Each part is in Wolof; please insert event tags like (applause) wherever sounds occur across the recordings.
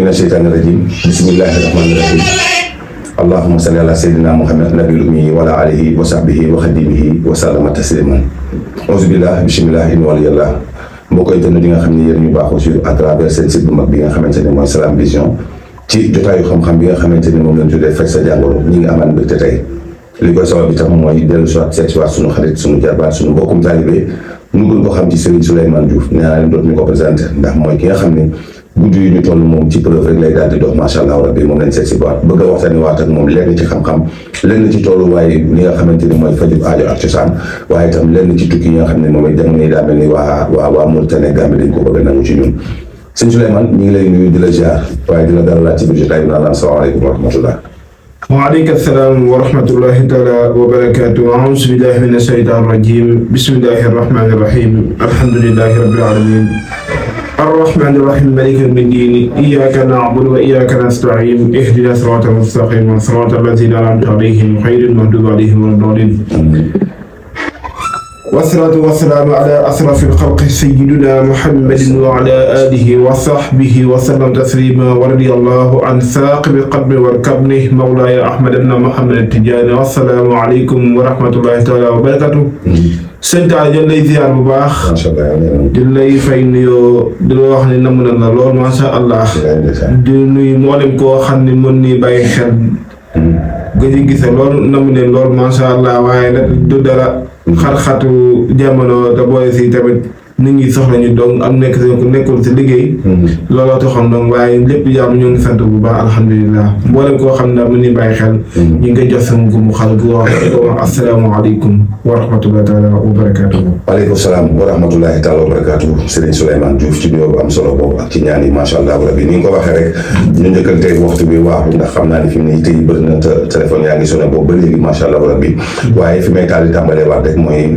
mina sheytaani rajim bismillahi rahmaani rahim allahuma salli ala sayyidina muhammad nabil ummi wa ala alihi wa sahbihi wa xadimihi wa sallama tasliman auzu billah bismillah in waliyallah mbokk internet yi xam ne yéen ñu baaxoo suivre à travers seen site bu mag bi nga xamante ne mooy Salam Vision ci jotaayu xam-xam bi nga xamante ni moom lañ tuddee faj sa jàngoro ñi ngi amaan mbégte tey li koy sabab bi tax mooy dellu soit seet soit suñu xarit suñu jarbaat suñu mbokkum taalibe ñu gën ko xam ci Serigne Souleymane Diouf nee doot ñu ko présenté ndax mooy ki nga xam ne guddi yu ñu toll moom ci preuve rek lay daal di dox macha allah rabbi moom lañ seet si baat a waxtaani waat ak moom lenn ci xam-xam lenn ci tolluwaay li nga xamante ni mooy fajub aajo ak cosaan waaye itam lenn ci tukki yi nga xam ne moom it jamono yi daa mel ni waa waa waa Mauritanie Gambie dañ ko bëgg a nangu ci ñun sëñ Souleymane ñu ngi lay nuyu di la ziar waaye dina dara laaj ci biir jotaay bi naan wa rahmatullah waaleykum salaam wa rahmatullahi taala wa barakaatu auzu billahi min asheytaan rajim bismillahi rahmani rahim alhamdulilahi alamin الرحمن الرحيم مالك يوم الدين إياك نعبد وإياك نستعين اهدنا الصراط المستقيم صراط الذين أنعمت عليهم غير المغضوب عليهم ولا الضالين والصلاة والسلام على أشرف الخلق سيدنا محمد وعلى آله وصحبه وسلم تسليما ورضي الله عن ثاقب القلب والكبن مولاي أحمد بن محمد التجاني والسلام عليكم ورحمة الله تعالى وبركاته sëñ a jël lay ziar bu baax. macha allah lay fay nuyoo di wax ne namm na la lool macha allah. di nuyu mboolem koo xam ne mën nii bàyyi xel. Hmm. gëj a gis loolu namm leen lool macha allah waaye nag du dara. xar-xatu jamono te boole si tamit. nit ñi soxla ñu donc am nekk ku nekkul si liggéey. Mm-hmm. looloo taxoon donc waaye lépp jàmm ñoo ngi sant bu baax alhamdulilah mboolem koo xam ne mu ni bàyyi xel. Mm-hmm. ñu ngi koy jox sama gumu xal gu wax asalaamaaleykum wa rahmatullahi taala wa barakaatuhu. waaleykum salaam wa rahmatullahi taala wa barakaatuhu Serigne Souleymane Diouf ci nuyoo solo boobu ak ñaan yi macha allah rabbi ni nga ko waxee rek. ñu njëkkanteeg waxtu bi waaxu ndax xam naa ni fi mu ne tey bëri na téléphone yaa ngi sonné boobu ba léegi macha allah rabbi mm-hmm. waaye fi may taal tàmbalee waat rek mooy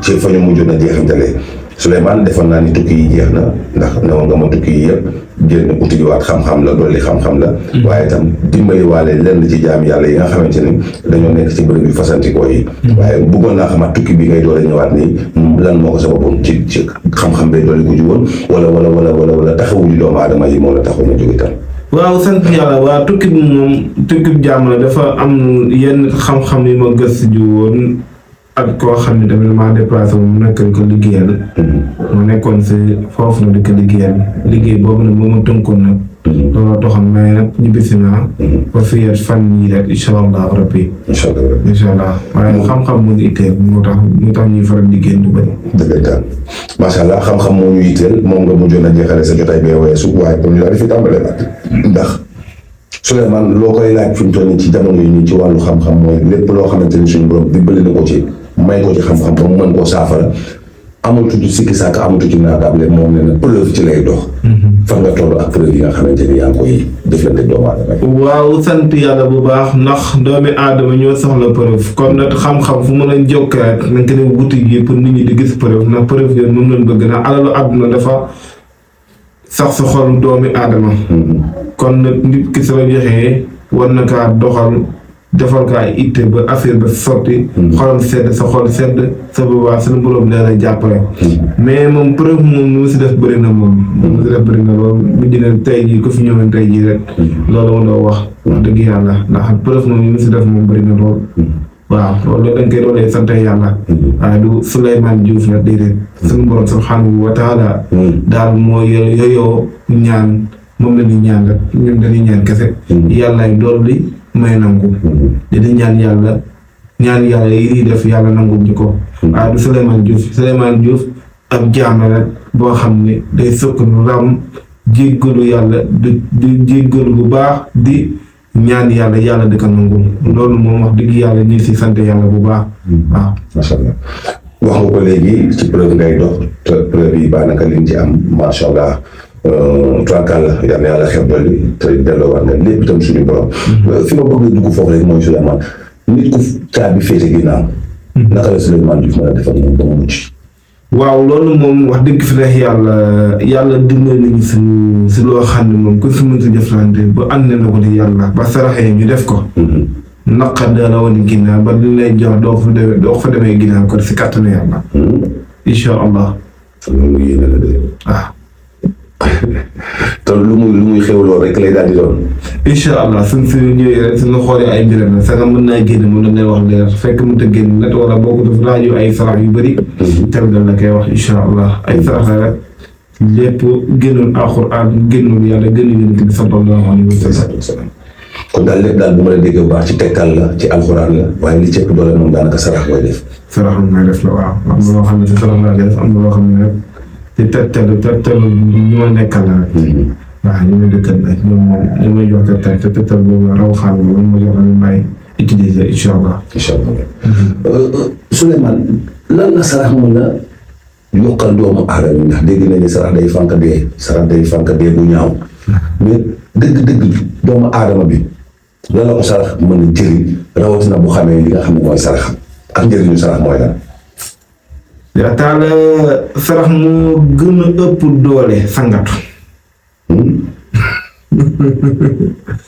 ci fa ñu mujjoon a jeexantale Souleymane defoon naa ni tukki yi jeex na ndax newoon nga ma tukki yi yëpp génn uti ji waat xam-xam la dolli xam-xam la mm. waaye itam dimbaliwaale lenn ci jaam yàlla yi nga xamante ni dañoo nekk ci bërëb yu yi mm. waaye bëggoon naa xamaat bi ngay doole ñëwaat nii lan moo ko sababoon ci ci xam-xam bay dolli ko ji woon wala wala wala wala wala taxawu yi moo la taxaw na jóg itam waaw sant yàlla waa tukki bi moom tukki bi jàmm la dafa am yenn xam-xam yi ma gëstu ji woon ak koo xam ne tamit maa déplacé nekk nekkoon ko liggéeyal. Mm-hmm. mu nekkoon si foofu na di liggéeyal liggéey boobu nag moom mu tënkoon nag. Mm-hmm. looloo taxoon mais nag ñibbisi naa. Mm-hmm. ba fii ak fan yii rek incha allah rabbi. incha allah rabbi incha allah la macha allah xam-xam moo a jeexale sa ñu daal loo koy laaj fi mu ci jamono yi ñu ci wàllu xam-xam mooy lépp loo xamante ni suñu borom dimbali na ko ci. may ko ci xam-xam ba mu mën koo saafara amatu ci sikki sàkk amatu ci naataable moom ne na sant yàlla bu baax ndax doomi aadama ñoo soxla preuve kon nag xam-xam fu mën a jokkoo rek nañ wuti gi pour nit ñi di gis preuve ndax preuve yooyu moom lañ bëgg ndax alalu àdduna dafa sax sa doomi aadama. Mm-hmm. kon nag nit ki soo joxee war na kaa doxal. defal ko ay ba affaire ba sotti. Hmm. xolam sedd sa xol sedd sa boobaa suñu borom nee na jàppale. Hmm. mais moom preuve moom lu mu si def bëri na moom. Hmm. lu mu si def bëri na loolu mujj na tey jii ku fi ñëwoon tey jii rek. loolu moo doon wax. wax dëgg yàlla ndax preuve moom li si def moom bëri waaw loolu dañ koy doolee sant yàlla. waaye du Souleymane Diouf la déedéet. suñu borom subhanahu wa taala. daal moo yoyoo ñaan moom la ñuy ñaan rek may nangu di di ñaan yàlla ñaan yàlla yi ñuy def yàlla nangu ñu ko waaye du Souleymane Diouf Souleymane Diouf ab jaam rek boo xam ne day sëkk nu ram jéggalu yàlla di di jéggalu bu baax di ñaan yàlla yàlla di ko nangu loolu moom wax dëgg yàlla ñu si sant yàlla bu baax waaw macha allah wax nga ko léegi ci preuve ngay dox te preuve yi baanaka liñ ci am macha allah tuwaakal euh, yal na yàlla xeeb mhm. euh, mhm. waaw loolu moom wax dëgg fi neex yàlla yàlla dimbali nañu suñu si loo xam ne moom ku si mënti jëflante ba ànd na ko di yàlla ba saraxee ñu def ko. Mhm. naqar da la woon ginnaaw ba li jox doo fa demee doo fa demee ginnaaw kon yàlla. incha allah. loolu yéen a la de. ah. te lu muy lu muy xewloo rek lay daal di doon. incha allah suñ si ñëwee rek suñu xoolee ay mbiram la sax mën naa génn mën nañ wax ne fekk mënut a génn net wala boo ko def laaj yu ay sarax yu bëri. Mhm. tamit dañ la koy wax incha allah ay sarax la rek lépp génnoon alxuraan génnoon yàlla génnoon yonent bi sallallahu alayhi wa sallam. kon ma la déggee bu baax ci la ci alxuraan la waaye li cëpp doole sarax koy def. def am na loo xam ne si sarax na loo xam di tërtëlu tërtëlu ñu ma nekkal la rek. Mm-hmm. waaw ñu ma dëkkal nag ñoom moom ñu ma jox tërtël te ma jox la ñu may utiliser allah. incha mm-hmm. euh, lan na yokkal doomu aadama ndax dégg nañu ne sarax day fànq dee bi doomu aadama bi lan la ko sarax mën na jëriñ rawatina bu xamee li nga xam ne mooy sarax ak njëriñu sarax mooy taala sarax moo gën a doole sangatu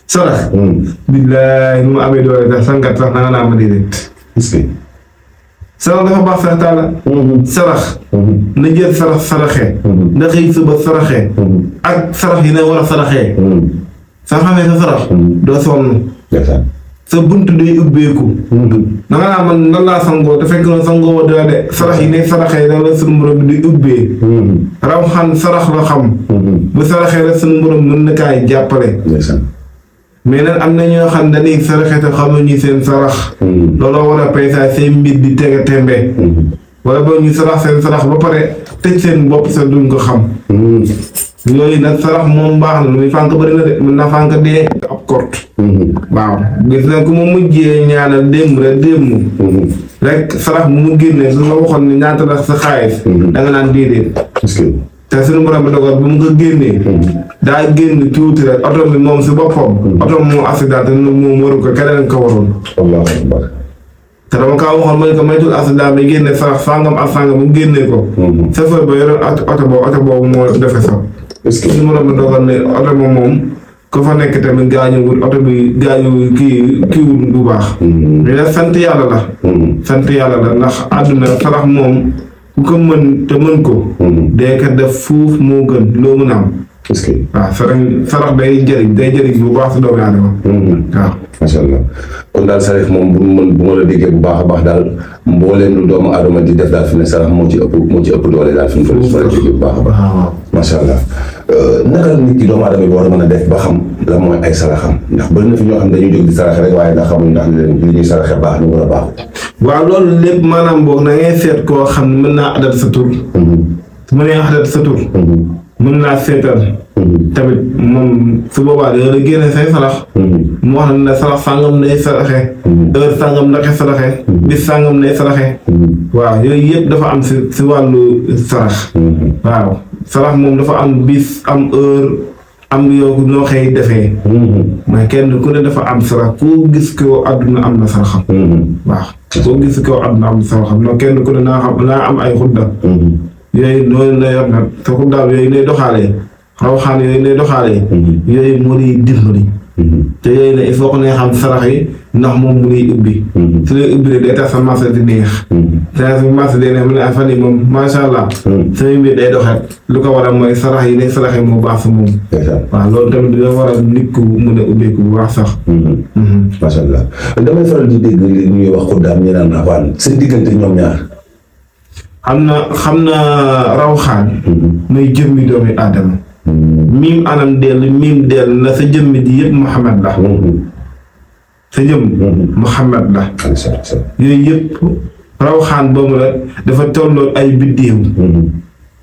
sarax billaay nu ma amee doole sax sangat sax naa naa ma déedéet sarax dafa baax sax taala mm-hmm. sarax mm-hmm. na jël sarax saraxee mm-hmm. na xëy suba saraxee ak sarax yi na war a saraxee sa sarax doo sonn sa bunt day ubbeeku. Mm-hmm. da nga naa man nan laa sangoo te fekk na sangoo dina de sarax yi ne saraxee da a sunu borom di ubbee. Mm-hmm. raw xam sarax la xam. Mm-hmm. bu saraxee la sunu borom mën na kaay jàppale. mais nag am na ñoo xam dañuy saraxe te ñu seen sarax. looloo war a paysaay seen mbir di tege tembe. wala ba ñu sarax seen sarax ba pare tëj seen bopp sa duñ ko xam. yooyu nag sarax moom baax na lu muy fànk bëri de mën na fànk dee. courte. Mhm. waaw gis nañ ko mu mujjee ñaanal démb rek démb. Mhm. rek sarax mu mu génne su ma waxoon ne ñaata la sa xaalis. Mhm. da nga naan déedéet. te suñu borom bi dogal ba mu ko génnee. daa génn tuuti rek oto bi moom si boppam. oto bi moom accident te dama kaa waxoon mooy moom. ku fa nekk tamit gaañuwul oto bi gaañuwul kii kiiwul bu baax. mais mm-hmm. sant yàlla la. Mm-hmm. sant yàlla la ndax àdduna sarax moom ku ko mën te mën ko. Mm-hmm. dee ko def fuuf moo gën loo mën a am. est-ce que waaw sarax sarax day bu baax si doomu aadama macha allah kon daal sarif moom bu bu ma la déggee bu baax a baax daal mboo mbooleem lu doomu aadama di def daal fi ne sarax moo ci ëpp moo ci ëpp doole daal fi mu fa la déggee bu baax a baax ah, macha allah euh, naka doomu aadama bi war man a def ba xam la mooy ay xam ndax bëri na fi ñoo xam dañuy jóg di saraxe rek waaye na xamuñ ndax li ñuy saraxe baax na war a baaxu waaw loolu maanaam boog na ngay seet ko xam ne mën naa adat sa tur su ma nee adat sa tur mm-hmm. mën naa seetal tamit moom su boobaa da la génne say sarax. mu wax ne sarax sàngam nay saraxe. heure sàngam ndaxe nay saraxe. waaw yooyu yëpp dafa am si si wàllu sarax. waaw sarax moom dafa am bis am heure am yow noo xëy defee. mais kenn ku ne dafa am sarax koo gis ko àdduna am na saraxam. waaw koo gis ko àdduna am na saraxam non kenn naa xam naa ay xudda. yooyu noonu la yor nag te rawxaan yooyu lay doxalee. Mm-hmm. yooyu moo lay dimbali. Mm-hmm. te yooyu ne il faut que nga xam sarax yi ndax moom mu ngi ubbi. Mm-hmm. su dee ubbi ne day doxat lu ko waral mooy sarax yi ne sarax yi moo baax sa moom. waaw loolu tamit dina waral nit ku mun a ubbeeku bu baax sax. allah damay faral di dégg ñuy wax ko daam ñu naan naa waan seen diggante ñoom ñaar. xam na xam na rawxaan. muy jëmmi doomi aadama. miim anam dell miim dell na sa jëmm ji yëpp Muhammad la sa jëmm Muhammad la yooyu yëpp rawxaan ba la dafa tolloon ay biddiiw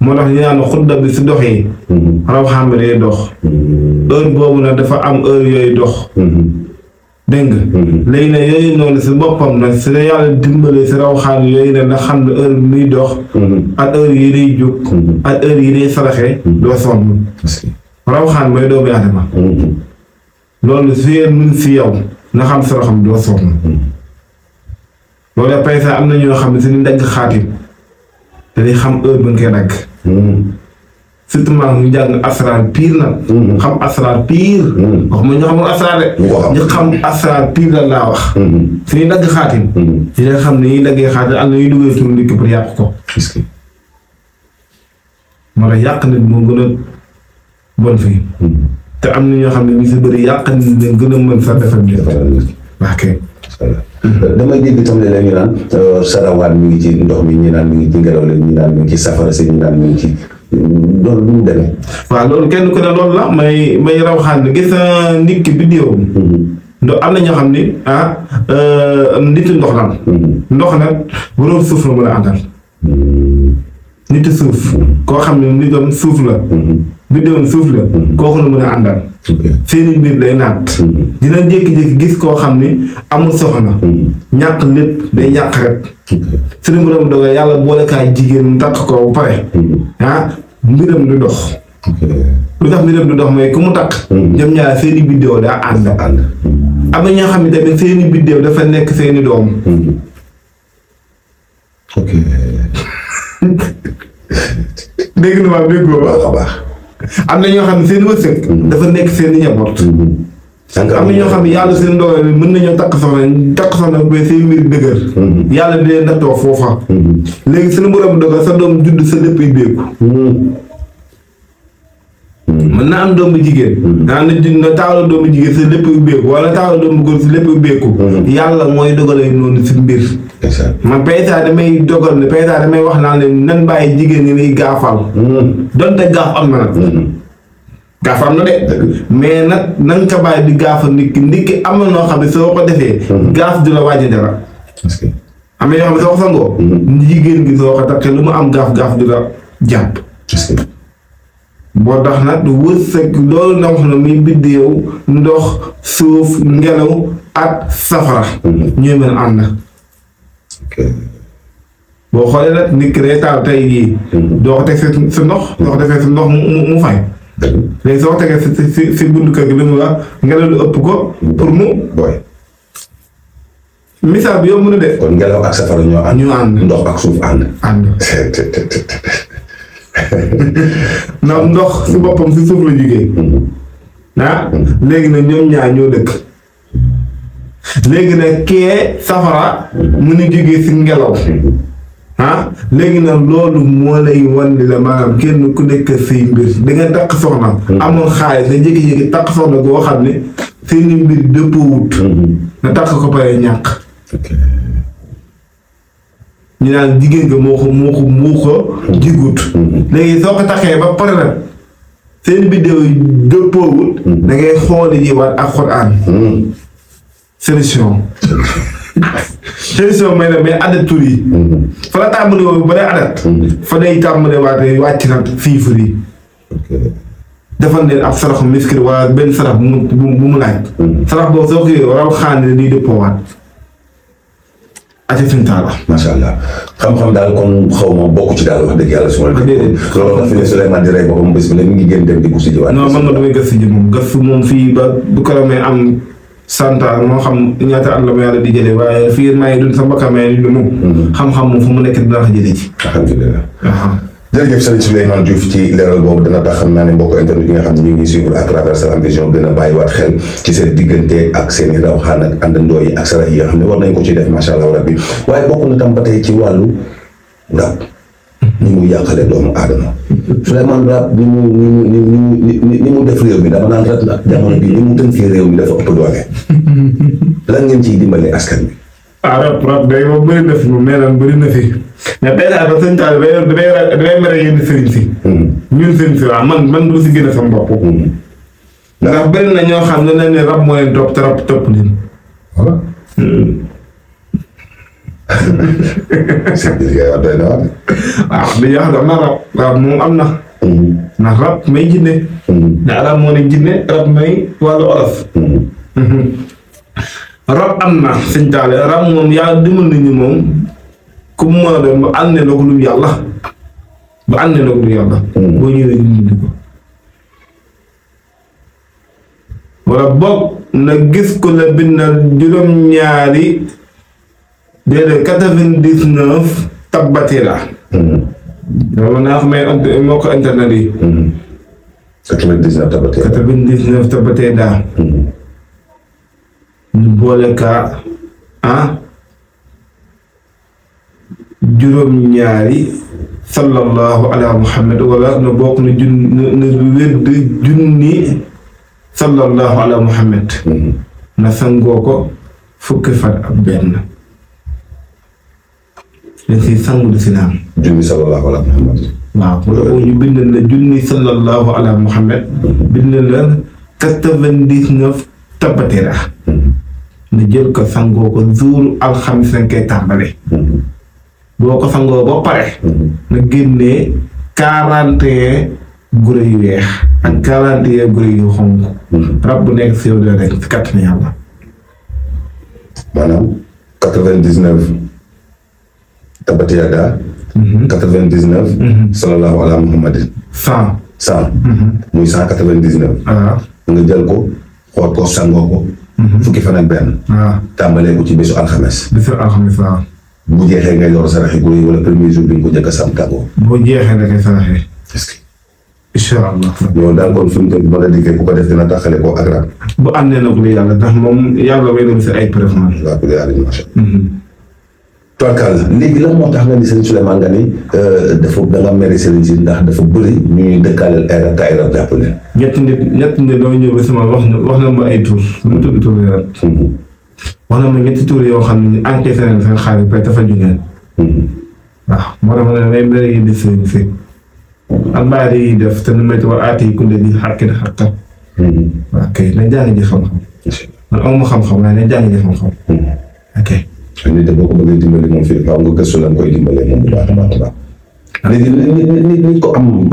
moo tax ñu xudda bi si doxee rawxaan bi day dox heure boobu nag dafa am heure yooyu dox dégg nga. Mm-hmm. léegi nag yooyu noonu si boppam nag si la yàlla dimbalee si rawxaan yooyu nag nga xam ne heure bi muy dox. Mm-hmm. ak heure yi day jóg. Mm-hmm. ak heure yi day saraxee. doo sonn. rawxaan mooy doomu aadama. loolu su yéen mun si yow nga xam saraxam doo sonn. loolu après ça am na ñoo xam ne suñu dagg xaatim dañuy xam heure bi nga koy surtout maa ngi jàng asraar pire nag. Mm-hmm. xam asraar pire. Mm-hmm. wax ma ñu xamul de. ñu xam asraar pire la laa wax. Mm-hmm. suñuy dagg xaatim. xam ne ñuy daggee xaatim am na ñuy duggee turu nit ki pour yàq ko. est-ce que. moo tax yàq nit moo gën a bon fii. te am na ñoo xam ne ñu si bari yàq nit leen gën a mën sax defal nit. waaw kay. damay dégg itam ne la ñu naan euh, mi ngi ci ndox mi ñu naan mi ngi ci ngelaw la ñu naan mi ngi ci safara si ñu naan mi ngi ci. loolu bu mu demee. loolu kenn ku ne loolu la may may raw xaan gis na nit mm-hmm. ndox am na ñoo xam ni ah euh, nitu ndox la mm-hmm. ndox nag boroom suuf la mën a àndal. Mm-hmm. nitu suuf. koo xam ne nitam suuf la. biddewoon suuf la mm-hmm. kooku la mën a àndal seeni mbir day naat mm-hmm. dina jékki-jékki gis koo xam ni amul soxna mm-hmm. ñàkk lépp day ñàkk rek suñu borom dogal yàlla boole kaay jigéen takk ko ba pare ah mbiram dox lu tax mbiram du dox mooy ku mu takk ñoom ñaar seeni biddéew daa ànd ànd am na ñoo xam ne tamit seeni biddéew dafa nekk seeni doom (laughs) dégg na waa déggoo baax baax am na ñoo xam ne seen wërsëg. Mm-hmm. dafa nekk seen njaboot. Mm-hmm. sànq am na ñoo xam yàlla seen doole mën nañoo takk soxna takk soxna ba seen mbir dëgër. Mm-hmm. yàlla di leen nattoo foofa. léegi suñu borom dogal sa doom judd sa lépp ay béeku. mën na am doomu jigéen. daan na na taaw la doomu jigéen sa lépp ay béeku wala taaw la doomu góor sa lépp ay béeku. yàlla mooy dogalee noonu si mbir. man paysa damay dogal ne paysa damay wax naa leen nan bàyyi jigéen ñi ni gaafal mm-hmm. donte gaaf am na nag mm-hmm. gaaf am na de mais nag na nga ko bàyyi di gaafal nit ki am na noo xam ne soo ko defee mm-hmm. gaaf du la wàññi dara am na yoo xam soo ko sangoo jigéen gi soo ko tax te lu mu am gaaf gaaf di la jàpp boo tax nag wërsëg loolu na wax na muy biddéew ndox suuf ngelaw ak safara ñooy mel ànd boo xoolee nag nit ki day taal tey jii. Mm-hmm. doo ko teg sa ndox. doo ko defee sa ndox mu mu fay. Mm-hmm. léegi soo tegee si gi lu mu wax ngelaw lu ëpp mm-hmm. pour mu booy. misaal bi yow mën a def. kon ndox ak suuf ànd. (laughs) ndox si boppam si suuf la jugee. Ah? ñoom ñaar dëkk. léegi na kee safara mu ngi jógee si ngelaw ah léegi na loolu moo lay wandi la maanaam kenn ku nekk say mbir da nga takk soxna amul xaalis da jékki-jékki takk soxna boo xam ne seeni mbir dëppoo mm-hmm. nga takk ko pare ñàkk ñu naan jigéen nga moo ko moo ko moo jigut mm-hmm. léegi soo ko taxee ba pare nag seen biddew dëppoowut mm-hmm. da ngay xooli ji waat ak Alxuraan solution solution mooy ne mais adat tur yi fa la tàmbali woon ba day adat fa day tàmbali waate wàcc nag chiffres yi defal leen ab saraxu miskir wala benn sarax bu mu bu mu laaj sarax boobu soo xëyee raw xaani ne nii dëppoowaat ati fintaa la macha allah xam-xam daal kon xaw ma bokk ci daal wax dëgg yàlla su ma la déedéet loolu tax fi ne Souleymane di rey boppam bés bu ne mi ngi gën dem di gëstu ji waat non man ma damay gëstu ji moom gëstu moom fii ba bu ko amee am santaan moo xam ñaata at la di jëlee waaye fii maa ngi dund sa bakkan mhm. xam-xam moom fu mu nekk dinaa ko jëlee ci. alhamdulilah. jërëjëf Serigne Souleymane Diouf ci leeral boobu dana tax xam naa ne mbokk internet yi nga xam ne ñu ngi suivre à travers Salam Vision gën a bàyyiwaat xel ci seen diggante ak seen i raw xaan ak àndandoo yi ak sarax yi nga xam ne war nañ ko ci def ma allah rabbi waaye bokk na tam ba tey ci wàllu ndaw. yàqale doomu aadama Souleymane Rap ni mu ni mu ni mu ni mu def réew mi dama ni mu tënk fii mi dafa ëpp ngeen ciy dimbale askan bi ah rab rab day moom bëri na moom nee naan bëri na fi mais dèjà ba hmm. a hmm. ñoo xam ne ne rab moo leen topp te topp leen hmm. (laughs) sëñ bi liggéey wax doy na waar. waaw wax dëgg rab. rab moom am na. Mm-hmm. ndax rab may jinne. Mm-hmm. ndax arab moo jinne rab may wàllu olof. Mm-hmm. rab am na sëñ rab moom yaa dimbal nañu moom ku mu mën a doon ba ànd na ko lu yàlla ba ànd na ko lu yàlla. ñu dindi ko. wala na gis ko la bindal juróom-ñaari. déedéet quatre-vingt-dix-neuf tabbatira mm-hmm. loolu naa xam internet yi mm-hmm. quatre-vingt-dix-neuf tabbatira quatre mm-hmm. boole ka ah juróom-ñaari sallallahu ala muhammad wala na bokk na junni sallallahu ala muhammad na sangoo ko fukki fan ak dañ siy sangu di si naan. junni sallallahu ala muhammad. waaw mu ne ñu bindal la junni sallallahu ala muhammad. bindal la quatre-vingt-dix-neuf tabatera. Mm-hmm. nga jël ko sangoo ko zuuru alxamis lañ koy mm-hmm. boo ko sangoo ba pare. Mm-hmm. nga génnee quarante yu weex. ak quarante et un gure rab bu nekk si yow doo rek si kàttanu yàlla. maanaam tabati yadda. Mhm. quatre vingt dix neuf. Mhm. sallallahu ala muhammadin. cent. cent. Mhm. muy cent quatre vingt dix neuf. Ah. nga jël ko xool ko sangoo ko. fukki fan benn. waaw ah. ko ci bésu alxames. bésu alxames bu jeexee ngay door saraxi góor yi wala premier jour bi a sam tàggoo. bu jeexee da ngay saraxee. est-ce que. incha allah. yow daal kon fi mu toll mën a liggéey ku ko def dina taxale ak rab. bu àndee na ku ne yàlla ndax moom yàlla may dem si ay preuve man. waaw ku ne macha Tubarkalla léegi lan moo tax nga ni sëñ Souleymane nga ni euh, dafa da nga mere sëriñ si ndax dafa bëri ñu ñuy dëkkaaleel ay rat ay rat jàpp leen. ñett nit ñett nit dama ñëw ba sama wax na wax na ma ay tur mm-hmm. lu mu tudd tur yi rat. Mm-hmm. wax na ma ñetti tur yoo xam ne enquêté nañ seen xaalis ba dafa juñeen. Mm-hmm. waaw moo tax ma ne may mere yi def sëriñ si. albaari yi def te nu may tubaab aati yi kunde di xàkki di xàkka. waaw kay na jàng ji xam-xam. man aw ma xam-xam waaye na jàng ji xam-xam. ok. nit boo ko bëggee ko am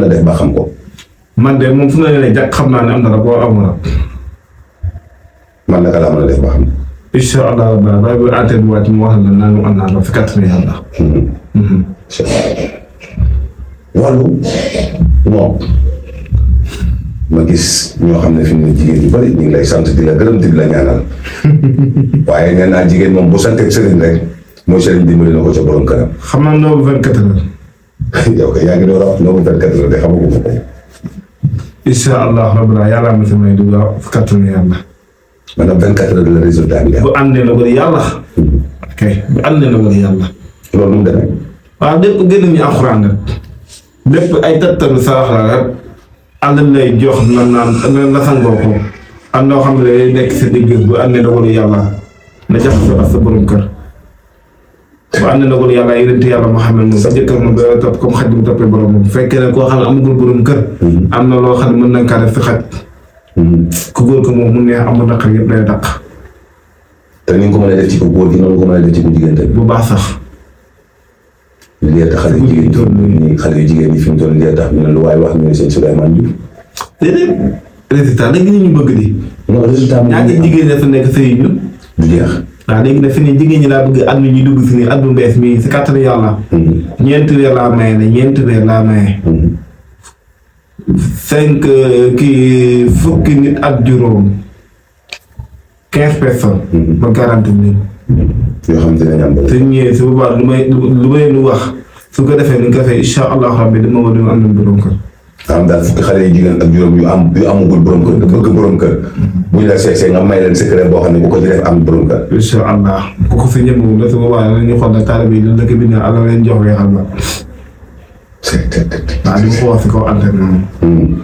a def ba xam ko. man de moom fu ne jàkk xam naa ne am na rab wala amul rab. man naka a def ba wax la naan am naa rab fi kàttan yàlla. ma gis ñoo xam ne fi mu ne jigéen yu bari ñu ngi di la gërëm di la ñaanal (laughs) waaye nee naa jigéen moom bu santeeg sëriñ rek mooy sëriñ dimbali na ko ca borom (laughs) a wax noobu vingt quatre heures de xamagu ko. incha allah rabbina yàlla am na tamit du waaw kàttanu yàlla. maanaam vingt quatre heures la résultat bi. bu àndee na ko di yàlla. Mm-hmm. ok bu àndee na ko di yàlla. loolu mu demee. waaw lépp gën a ñu alxuraan rek. lépp àll lay jox na naan na sangoo ko am noo xam ne na dogalu yàlla na jaxasoo ak sa borom kër bu ànd na dogalu yàlla yonent yàlla Muhammad moom sa jëkkër moom doo topp comme xaj bu toppee borom moom fekkee ne koo xam ne amagul borom kër mm-hmm. na loo xam ne mën na kaa def si xaj mm-hmm. ku góor ko moom mu neex amul naqar yëpp lay dàq te ni nga ko mën a def ci ko góor bu baax sax li tax xale jigéen ñi xale yu jigéen ñi ne ah, fi ne jigéen ñi laa bëgg at mi ñu dugg si ni at bu bees si kàttan yàlla. Mm-hmm. ñeenti weer laa maye ne ñeenti weer laa maye. Mm-hmm. cinq euh, kii fukki nit ak juróom quinze personnes. Mm-hmm. ba quarante nit. yoo xam ne dinañ am te ñëwee su may lu may lu ko defee ni ko defee incha allahu rabbi dama a am nañ borom am daal am yu amagul borom mm-hmm. la seesee nga may leen secret boo xam ne bu ko ci def am borom kër. incha allah la su ne taalibe yi bi ne ala leen jox nga xam na. waaw li ma ko wax si kaw mm.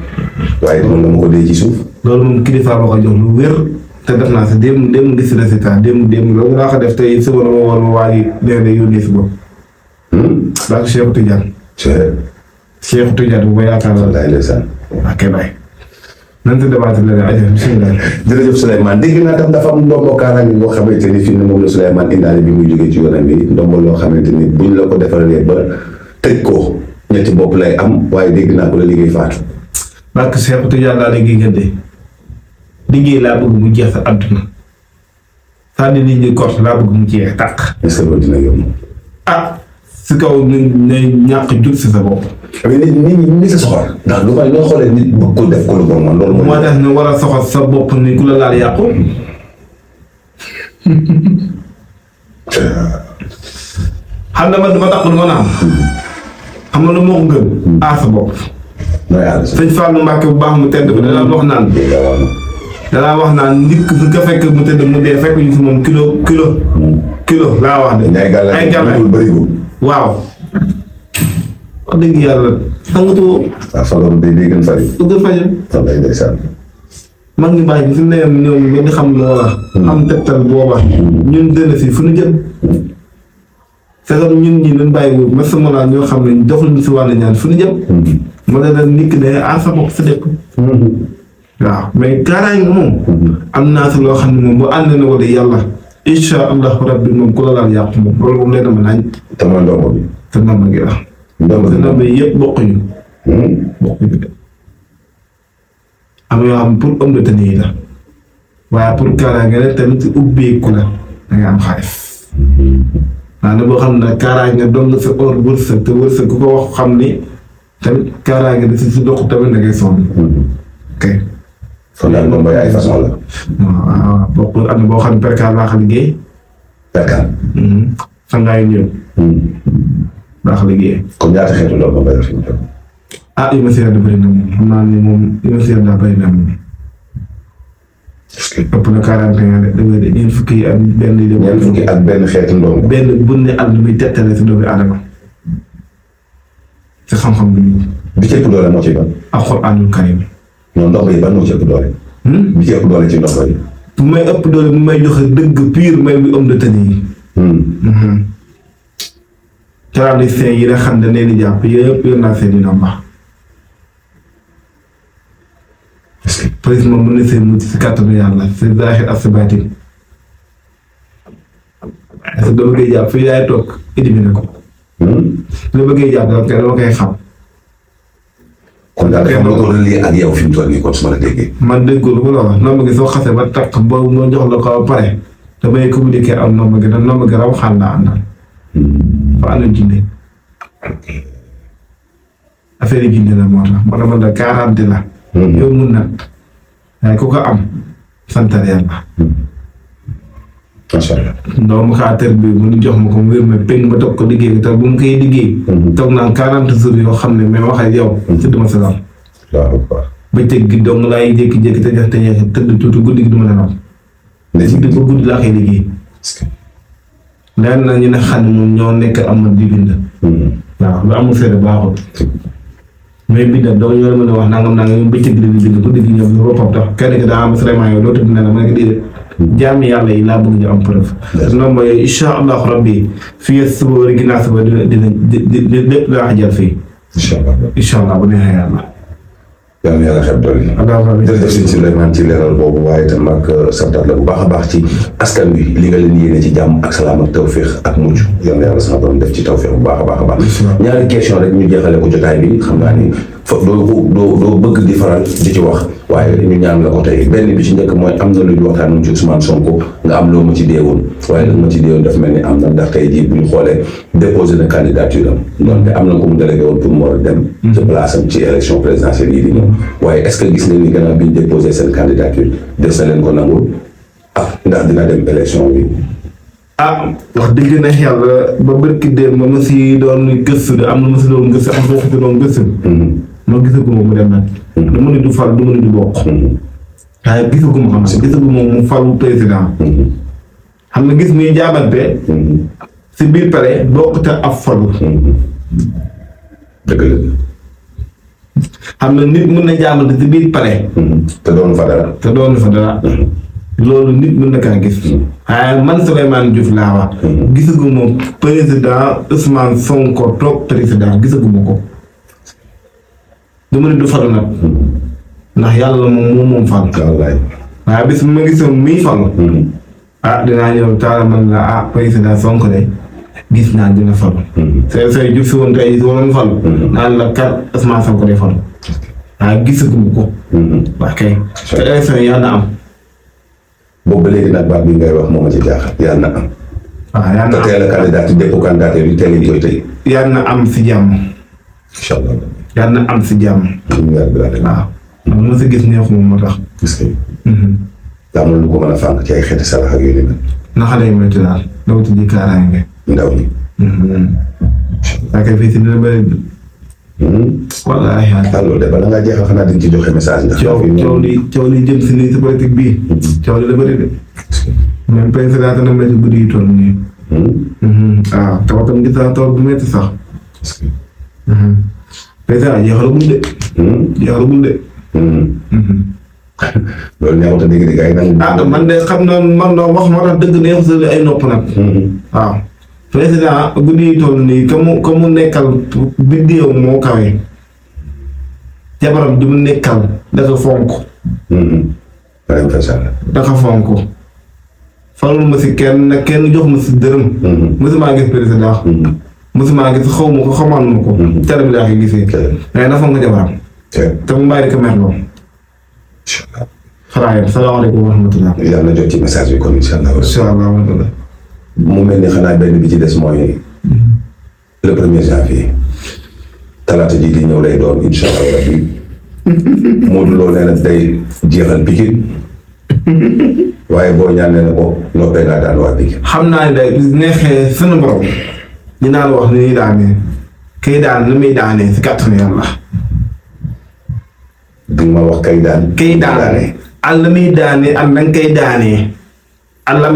waaye moom dama ko dee ci suuf. loolu moom kilifa ba ko jox lu wér. te def naa si démb démb gis résultat démb démb loolu laa ko def tey suba la ma woon ma waa ji léeg day yónnee si bopp. daa hmm? ko Cheikh Tidiane. Cheikh Tidiane bu ma yaakaar la. wallaahi ndeysaan. ok bàyyi. nan si demaat la ne aywa bisimilah. jërëjëf Souleymane dégg naa tam dafa am ndombo kaaraange boo xamante ni fii ne moom la Souleymane indaale bi muy jógee ci yoonam bi ndombo loo xamante ni buñ la ko defaree ba tëj ko ñetti bopp lay am waaye dégg naa ko la liggéey faatu. daa ko Cheikh Tidiane daal di liggéey laa bëgg mu jeex sa àdduna sànni nit ñi gort laa bëgg mu jeex tàq. Ah, sa bopp. Ah, mais nit ñi lu may loo bëgg ko def ko sa bopp ni ku la laal yàqu. (laughs) xam nga man dama tax dama naan. xam lu moo ko gën. bopp. nooy aar sa bopp bu baax mu tedd ba dina la wax naan. dalaa wax naan nit nga fekk mu tëdd mu dee fekk ñu fi moom kilo kilo. kilo laa wax de. ay gàllankoor ay gàllankoor waaw. wax dëgg yàlla tàngatoo. waaw fagaru day day gën faj. fi ne ñoom ngeen xam loola. Hmm. am tegtal booba. Hmm. ñun dënn fi fu ñu jëm. fexe ñun ñi dañ bàyyi wu ma laa ñoo xam ne doxuñu si wàll ñaan fu ñu jëm. moo hmm. tax nit ki day aar ah, sa bopp waaw mais kaaraange moom am naa si loo xam ne moom bu ànd na wala yàlla incha allahu rabbi moom ku la laal yàqu moom loolu moom ma naañ te ndomb ngi la te ndomb yi yëpp bokkuñu hmm? bokkuñu de am pour ëmbatani yi la waaye xaalis maanaam boo xam ne kaaraange doon na sa or wërsëg te wërsëg ku xam ni tamit kaaraange da si si dox tamit da ngay sonn hmm. ok kon daal moom mooy ay façon la. waaw ah, ah, bokkul am boo xam ne percal laa xam liggéey. sangaayu mm-hmm. ñëw. Mm-hmm. laa liggéey. comme ñaata xeetu ah, xeetu ndox. benn bu ne ak lu tettale si doomi aadama. te xam-xam bi. bi ci ëpp doole moo ci non ndox yi ban moo ci doole. mu hmm? ci doole ci ndox yi. bu may ëpp doole bu may joxe dëgg pire may bi homme de tenue yi. Hmm. Hmm. tradition yi nga xam ne dañ seen i si kàttanu yàlla si zaaxir ak si baatin. parce jàpp fii yaay toog éliminer ko. li ma koy jàpp dama koy xam. kon daal dafa mën ko lii ak yow fi mu toll nii kon su ma la déggee. man déggoo lu ma la gi soo xasee ba takk ba ma jox la ko pare damay communiquer am nomba gi da nomba gi raw xaal laa àndal. Hmm. fa àndal jinne affaire yi jinne la moo tax moo tax man de quarante la. Hmm. yow mun na waaye ku ko am santal yàlla. Hmm. macha allah doomu xaatir bi mu ñu jox ma ko mu wér ma peñ ma toog ko liggéey te bu mu koy liggéey. Mm-hmm. toog naa quarante jours yoo xam ne mais wax a yow. Mm-hmm. te duma salaam. waaw waaw. bëccëg gi dong laay jékki-jékki te jox te ñeex tëdd tuuti guddi gi na ñu ne xam ne nekk amul di bind. Mm-hmm. waaw lu amul seede baaxul. mais bind doo a boppam tax kenn ki daa am vraiment yow doo tëdd nelaw ma nekk déedéet jaam yàlla yi laa bëgg ñu am preuve. loolu mooy incha allahu rabbi fii suba wala ginnaaw suba dina dina dina lépp dina xajal fii. incha allah incha allah bu neexee yàlla. yàlla na yàlla xel dolli. jërëjëf sëñ Souleymane ci euh, la bu baax a baax ci askan wi li nga leen yéene jàmm ak salaam ak tawféex ak mujj yàlla na yàlla sama borom def ci tawféex bu baax a baax a baax. ñaari question rek ñu jeexale ko jotaay bi xam naa ni. fo doo bëgg di faral di ci wax waaye ñu ñaan la ko tey benn bi ci njëkk mooy am na lu ñu waxtaanoon ci Ousmane Sonko nga am loo ma ci deewoon waaye nag ma ci deewoon dafa mel ni am na ndax bu ñu xoolee déposé na candidature am donc am na ko mu délégué woon pour mu a dem ci place am ci élection présidentielle yi di ñëw waaye est-ce que gis nga ni gannaaw bi ñu déposé seen candidature des na leen ko nangul ak ah, ndax dina dem élection bi ah wax dëgg na yàlla ba bërki déem ma ma si doon gëstu am na ma am na ma si ma gisaguma mu dem nag. Mm. du ma ni du fal du ni du bokk. Mm. Mm. si biir pare bokk te ab falu. dëgg na nit mën na jaabante si biir pare. te doon fa dara. loolu nit mën na kaa gis. waaye man Souleymane Diouf laa wax. gisaguma président Ousmane Sonko toog président gisaguma ko. dama ne du falu nag ndax yàlla moom moom moom fal waaye bis bu ma muy falu hmm. ah dinaa ñëw taala man la ah président Sonko de gis naa dina falu hmm. sooy sooy jub si woon tey waroon falu hmm. naan la kat Ousmane Sonko de falu waaye gisaguñu ko wax kay te élection yàlla am boobu ba nag baat bi ngay wax moo ma ci yàlla am ah, te teel a candidat yi dépôt candidat yi teel a yàlla am si jàmm yàlla na am si jàmm. waaw. ma si gis neexuma moo tax. gis mhm. nga. ko mën a fànq ci ay xeeti sarax ak yooyu nii. na xale yi moytu daal daw ci ji kaaraange. ndaw ñi. Mhm. ak fii si dina bëri. Hmm? wallaahi. dañ ci joxe message. ndax coow coow li coow li jëm si nii si politique bii. Hmm. coow la bëri de. même président dana métti guddi yu toll nii. Hmm? Mhm. Ah, waaw tawatam gis naa tool bu métti sax. président jeexalagul de. Hmm? jeexalagul de. Hmm. (laughs) loolu ñaaw te dégg-dégg ay nag. ah man de xam na man noo wax moo tax dëgg neex na ay nopp nag. Hmm. waaw président guddi yi toll nii ka mu ka mu nekkal biddéew moo kawe. jabaram di mu nekkal dafa fonk. maanaam fasal. dafa fonk. falul ma si kenn nag kenn jox ma si dërëm. mosuma gis président. mësuma xaw ma ko ko. télé bi daa koy gisee. mais eh, dafa mu ci message bi kon mel ni xanaa benn bi ci des mooy. le premier janvier. talaata ji di ñëw lay doon incha rabbi. (laughs) Modou Lo nee na day jeexal Pikine. (laughs) waaye boo ñaan nee na ko noppee naa daan waa Pikine. xam naa neexee sunu borom. dinaa la wax ni ñuy daanee kay daan lu muy daanee si kàttanu yàlla. di ma wax kay daan. kay daanee al la muy daanee al la nga koy daanee al la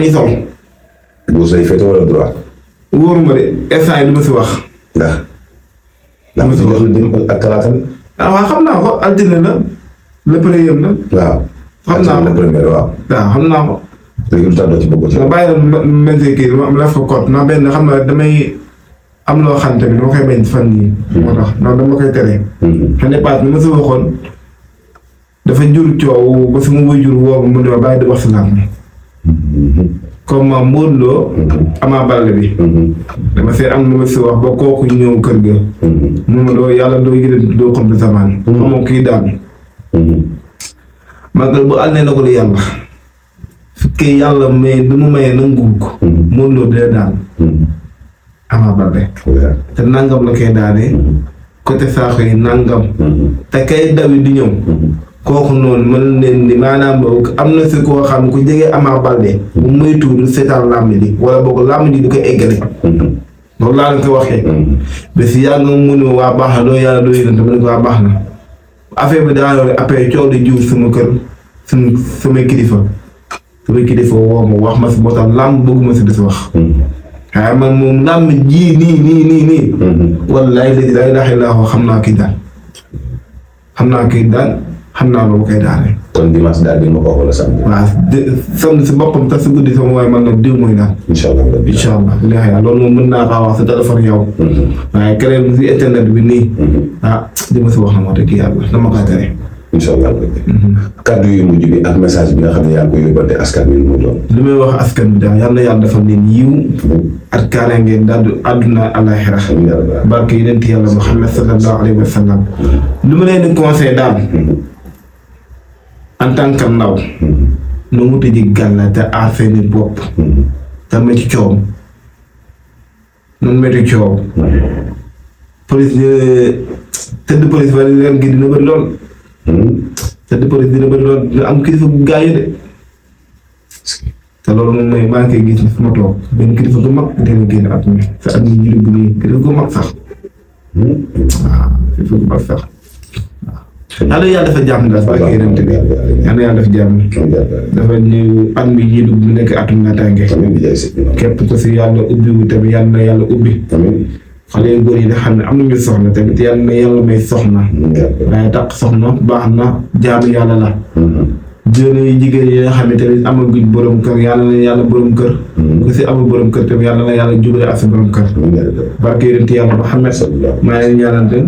de instant yi du ma si wax. ndax. daa ma si wax dem xam naa ko altine la le premier la. waaw. xam naa ko le premier ma bàyyi la ma ma ma ma ma ma ma ma ma ma ma ma am loo xam tamit dama koy mm-hmm. tere. xane paas ni ma si waxoon dafa jur coow ba su ma jur woo mu ne ma bàyyi wax mm-hmm. mm-hmm. si làmb kooku ñëw kër ga mu ma doo yàlla doo yële doo xam ne samaan xamoo kii daan man bu àll ne na ko lu yàlla fekkee yàlla may du mayee nanguwul ko Modou Lo dina daan Ama Baldé te nangam la koy daane côté saako yi nangam te kay dawi di ñëw kooku noonu mën leen ni maanaam am na si koo xam ku jege Ama Baldé mu moytuwul seetaan làmb ji wala boog làmb ji du ko eggale loolu laa leen ko waxee ba si yàgg mu ne waa baax na doo yàlla doo yëgante mu ne ko waa baax na affaire bi daa loolu après coow di jiw sama kër sama kilifa sama kilifa woo wax ma si bootal làmb bëgguma si des wax waaye ah, man moom làmmiñ ji nii nii nii nii. Mm-hmm. wallaay léegi laa ilaaha illallaah xam naa kii daal xam naa kii daal xam naa loolu koy daal. kon daal di wala samedi. waaw samedi si boppam te si guddi sama waaye man nag diw mooy daal. incha allah incha na loolu moom mën naa kaa wax sa téléphone yow. Mm-hmm. waaye si internet bi nii. Mm-hmm. Ah, di ma si wax na moo dëgg yàlla dama kaa ñu soog mu kaddu yu mujj bi ak message bi nga xam yaa ngi koy yóbbante askan wi mu doon. li may wax askan bi daal yal na yàlla defal leen yiw. Mhm. ak kaaraange daal du àdduna alaxira. barke yonent yàlla Muhammad sallallahu alayhi wa sallam. Mhm. lu ma leen di conseil daal. Mhm. en tant que ndaw. nu mu tëjee gàll te aar seeni bopp. te métti coow. noonu métti coow. police euh, tëdd police ba leen gi dina lool. te di police dina bëri loolu dina am kilifa bu gaañu de te loolu moom mooy maa ngi koy gis fu ma toog benn kilifa gu mag dina génn at mi te at mi ñu bu nii kilifa gu mag sax waaw kilifa gu mag sax waaw yàlla dafa jàmm daal ba ak yeneen bi yàlla yàlla dafa jàmm dafa ñu at mi ñii dugg mu nekk atum naataange képp ko si yàlla ubbi wu tamit yàlla na yàlla ubbi xale yu góor yi nga xam ne am nañu soxna tamit yàlla na yàlla may soxna. waaye takk soxna baax na jaamu yàlla la. jëlee yu jigéen yi nga xam ne tamit amaguñ borom kër yàlla na yàlla borom kër. ku si amul borom kër tamit yàlla na yàlla jubale ak sa borom kër. barke yonent yàlla Muhammad maa ngi ñaanal leen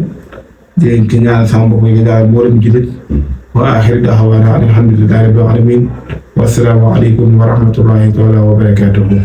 di ci ñaanal sama mbokk yi daal mboolem jullit. wa aaxiru da'waanaa alhamdulillahi rabbil aalamiin wa salaamu aleykum wa rahmatullahi taala wa barakaatuhu.